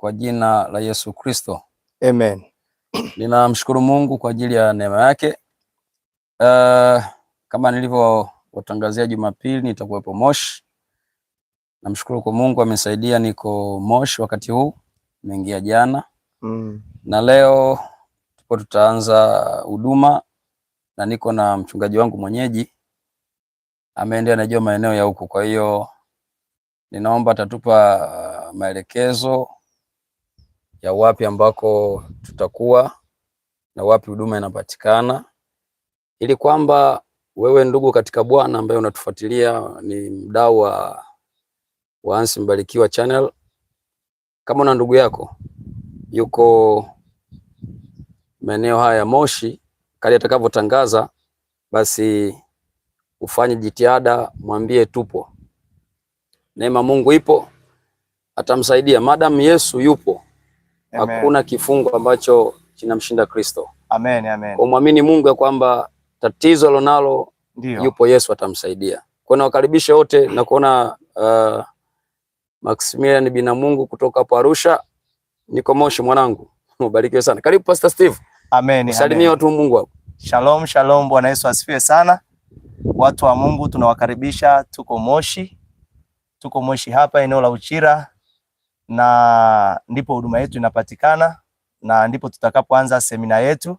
kwa jina la Yesu Kristo. Amen. Ninamshukuru Mungu kwa ajili ya neema yake. Uh, kama nilivyowatangazia Jumapili nitakuwepo Moshi. Namshukuru kwa Mungu amesaidia, niko Moshi wakati huu, nimeingia jana mm. na leo tupo tutaanza huduma na niko na mchungaji wangu mwenyeji ameendea anajua maeneo ya huku, kwa hiyo ninaomba atatupa eh, maelekezo ya wapi ambako tutakuwa na wapi huduma inapatikana, ili kwamba wewe ndugu katika Bwana ambaye unatufuatilia ni mdau wa Ansi Mbarikiwa Channel, kama una ndugu yako yuko maeneo haya ya Moshi kali atakavyotangaza, basi ufanye jitihada, mwambie tupo, neema Mungu ipo, atamsaidia. Madam Yesu yupo Hakuna kifungo ambacho kinamshinda Kristo. Amen, amen. Umwamini Mungu ya kwamba tatizo alonalo yupo Yesu atamsaidia. Kwa na nawakaribisha wote na kuona uh, Maximilian Binamungu kutoka hapo Arusha. Niko Moshi mwanangu. Ubarikiwe sana. Karibu Pastor Steve. Amen. Salimia watu wa Mungu hapo. Shalom, shalom. Bwana Yesu asifiwe sana. Watu wa Mungu tunawakaribisha, tuko Moshi, tuko Moshi hapa eneo la Uchira na ndipo huduma yetu inapatikana na ndipo tutakapoanza semina yetu.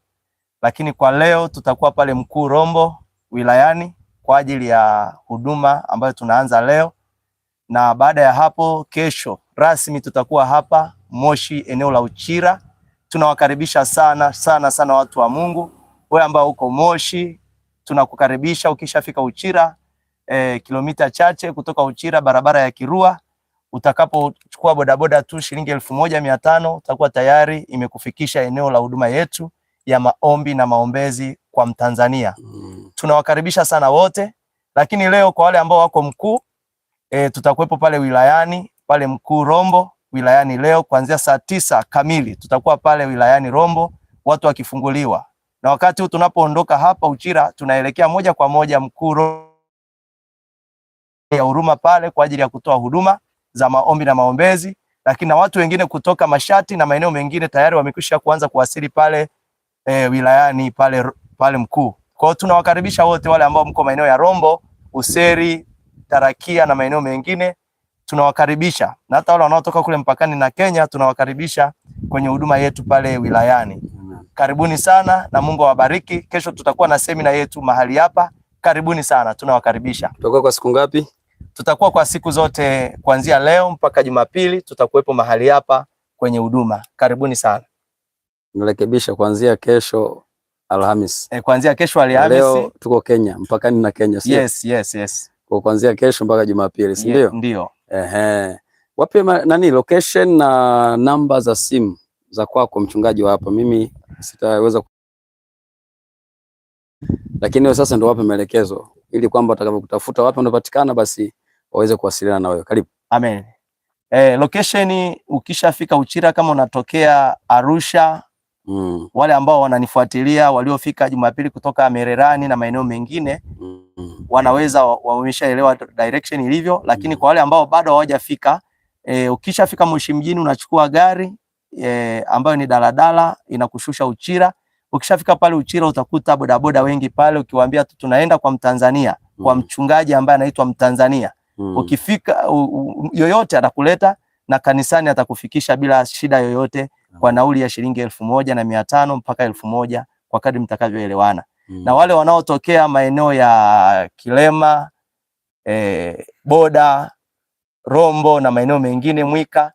Lakini kwa leo tutakuwa pale Mkuu Rombo wilayani kwa ajili ya huduma ambayo tunaanza leo, na baada ya hapo, kesho rasmi tutakuwa hapa Moshi eneo la Uchira. Tunawakaribisha sana sana sana watu wa Mungu, wewe ambao uko Moshi tunakukaribisha. Ukishafika Uchira eh, kilomita chache kutoka Uchira, barabara ya Kirua utakapochukua bodaboda tu shilingi elfu moja mia tano utakuwa tayari imekufikisha eneo la huduma yetu ya maombi na maombezi kwa Mtanzania. Mm. Tunawakaribisha sana wote, lakini leo kwa wale ambao wako mkuu e, tutakuwepo pale wilayani pale mkuu Rombo wilayani leo kuanzia saa tisa kamili tutakuwa pale wilayani Rombo watu wakifunguliwa, na wakati huu tunapoondoka hapa Uchira tunaelekea moja kwa moja mkuu ya huruma pale kwa ajili ya kutoa huduma za maombi na maombezi, lakini na watu wengine kutoka Mashati na maeneo mengine tayari wamekwisha kuanza kuwasili pale e, wilayani pale pale mkuu. Kwa hiyo tunawakaribisha wote wale ambao mko maeneo ya Rombo, Useri, Tarakia na maeneo mengine tunawakaribisha na hata wale wanaotoka kule mpakani na Kenya tunawakaribisha kwenye huduma yetu pale wilayani. Karibuni sana na Mungu awabariki. Kesho tutakuwa na semina yetu mahali hapa. Karibuni sana, tunawakaribisha. Tutakuwa kwa siku ngapi? Tutakuwa kwa siku zote kuanzia leo mpaka Jumapili, tutakuwepo mahali hapa kwenye huduma. Karibuni sana. Narekebisha, kuanzia kesho Alhamis. E, kuanzia kesho Alhamis. Leo tuko Kenya, mpakani na Kenya, sio? Yes, yes, yes. Kwa kuanzia kesho mpaka Jumapili, si ndio? Ndio. Ehe. Wapi nani location na namba za simu za kwako mchungaji wa hapa? Mimi sitaweza lakini wewe sasa ndio wape maelekezo ili kwamba utakavyokutafuta wapi unapatikana basi waweze kuwasiliana na wewe. Karibu. Amen. Eh, location ukishafika Uchira kama unatokea Arusha mm. wale ambao wananifuatilia waliofika Jumapili kutoka Mererani na maeneo mengine mm. wanaweza wameshaelewa direction ilivyo, lakini mm. kwa wale ambao bado hawajafika eh, ukishafika Moshi mjini unachukua gari eh, ambayo ni daladala inakushusha Uchira. Ukishafika pale Uchira utakuta bodaboda wengi pale, ukiwaambia tunaenda kwa Mtanzania, kwa mm. mchungaji ambaye anaitwa Mtanzania mm. Ukifika u, u, yoyote atakuleta na kanisani atakufikisha bila shida yoyote mm. Kwa nauli ya shilingi elfu moja na mia tano mpaka elfu moja kwa kadri mtakavyoelewana mm. Na wale wanaotokea maeneo ya Kilema e, Boda Rombo na maeneo mengine Mwika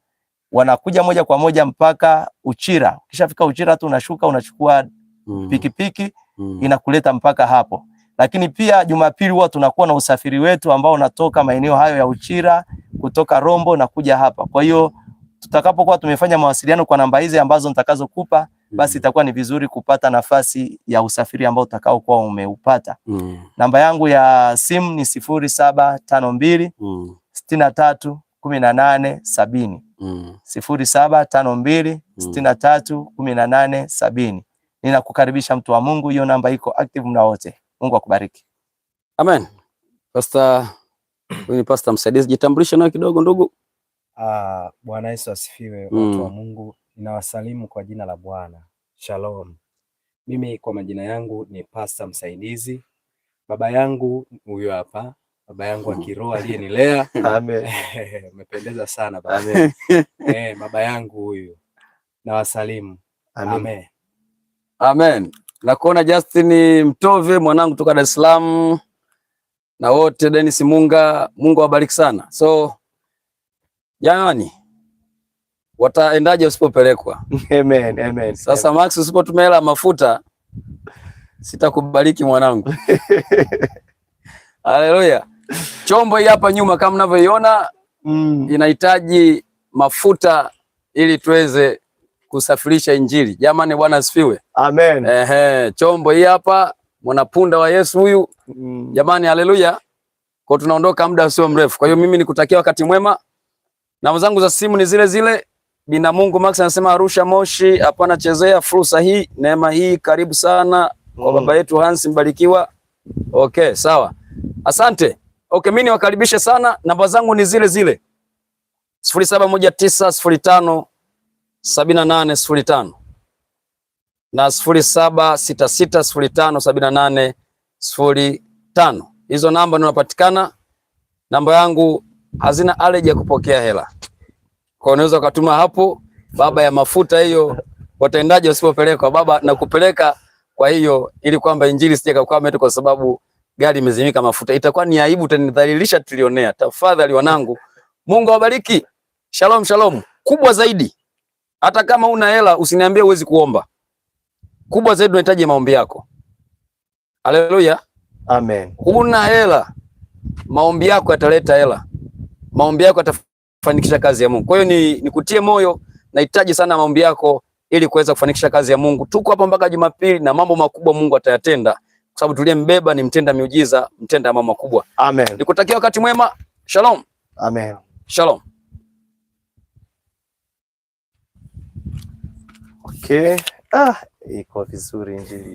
wanakuja moja kwa moja mpaka Uchira. Ukishafika Uchira tu unashuka unachukua mm. pikipiki mm. mm. inakuleta mpaka hapo. Lakini pia Jumapili huwa tunakuwa na usafiri wetu ambao unatoka maeneo hayo ya Uchira kutoka Rombo na kuja hapa. Kwa hiyo tutakapokuwa tumefanya mawasiliano kwa namba hizi ambazo nitakazokupa mm. basi itakuwa ni vizuri kupata nafasi ya usafiri ambao utakao utakaokuwa umeupata. Mm. Namba yangu ya simu ni sifuri saba tano mbili mm. sitini na tatu kumi na nane sabini mm. sifuri saba tano mbili mm. sitini na tatu kumi na nane sabini. Ninakukaribisha mtu wa Mungu, hiyo namba iko active mna wote. Mungu akubariki. Amen. Pastor, huyu ni pastor msaidizi, jitambulishe nayo kidogo ndugu. Ah, Bwana Yesu asifiwe, watu mm. wa Mungu, ninawasalimu kwa jina la Bwana. Shalom. Mimi kwa majina yangu ni pastor msaidizi. Baba yangu huyo hapa, baba yangu wa kiroho aliyenilea. Amen. Umependeza sana baba. Amen. Eh, baba yangu huyu. Nawasalimu. Amen. Amen. Amen. Nakuona Justin Mtove mwanangu kutoka Dar es Salaam na wote Dennis Munga, Mungu awabariki sana. So jamani, wataendaje usipopelekwa? Amen, amen. Sasa amen. Max, usipotumia hela mafuta sitakubariki mwanangu. Haleluya. Chombo hii hapa nyuma kama mnavyoiona mm. inahitaji mafuta ili tuweze kusafirisha Injili. Jamani, Bwana asifiwe. Amen. Ehe, chombo hii hapa mwanapunda wa Yesu huyu. Mm. Jamani, haleluya. Kwa tunaondoka muda sio mrefu. Kwa hiyo mimi nikutakia wakati mwema. Namba zangu za simu ni zile zile. Bina Mungu Max anasema Arusha Moshi, hapana chezea fursa hii, neema hii, karibu sana mm. kwa baba yetu Hans Mbarikiwa. Okay, sawa. Asante. Okay, mimi niwakaribishe sana. Namba zangu ni zile zile. 0719 05 7805 na 0766057805. Hizo namba ndio Namba yangu hazina aleji ya kupokea hela, kwa unaweza ukatuma hapo. Baba ya mafuta hiyo wataendaje usipopelekwa? Baba nakupeleka kwa hiyo, ili kwamba injili sije kukwama tu kwa sababu gari imezimika mafuta, itakuwa ni aibu, utanidhalilisha trilionea. Tafadhali wanangu, Mungu awabariki. Shalom shalom, kubwa zaidi hata kama una hela usiniambie uwezi kuomba. Kubwa zaidi unahitaji maombi yako. Haleluya. Amen. Una hela, maombi yako yataleta hela. Maombi yako yatafanikisha kazi ya Mungu. Kwa hiyo ni nikutie moyo, nahitaji sana maombi yako ili kuweza kufanikisha kazi ya Mungu. Tuko hapa mpaka Jumapili na mambo makubwa Mungu atayatenda kwa sababu tuliyembeba ni mtenda miujiza, mtenda mambo makubwa. Amen. Nikutakia wakati mwema. Shalom. Amen. Shalom. porque. Ah! E com a fissura em diria.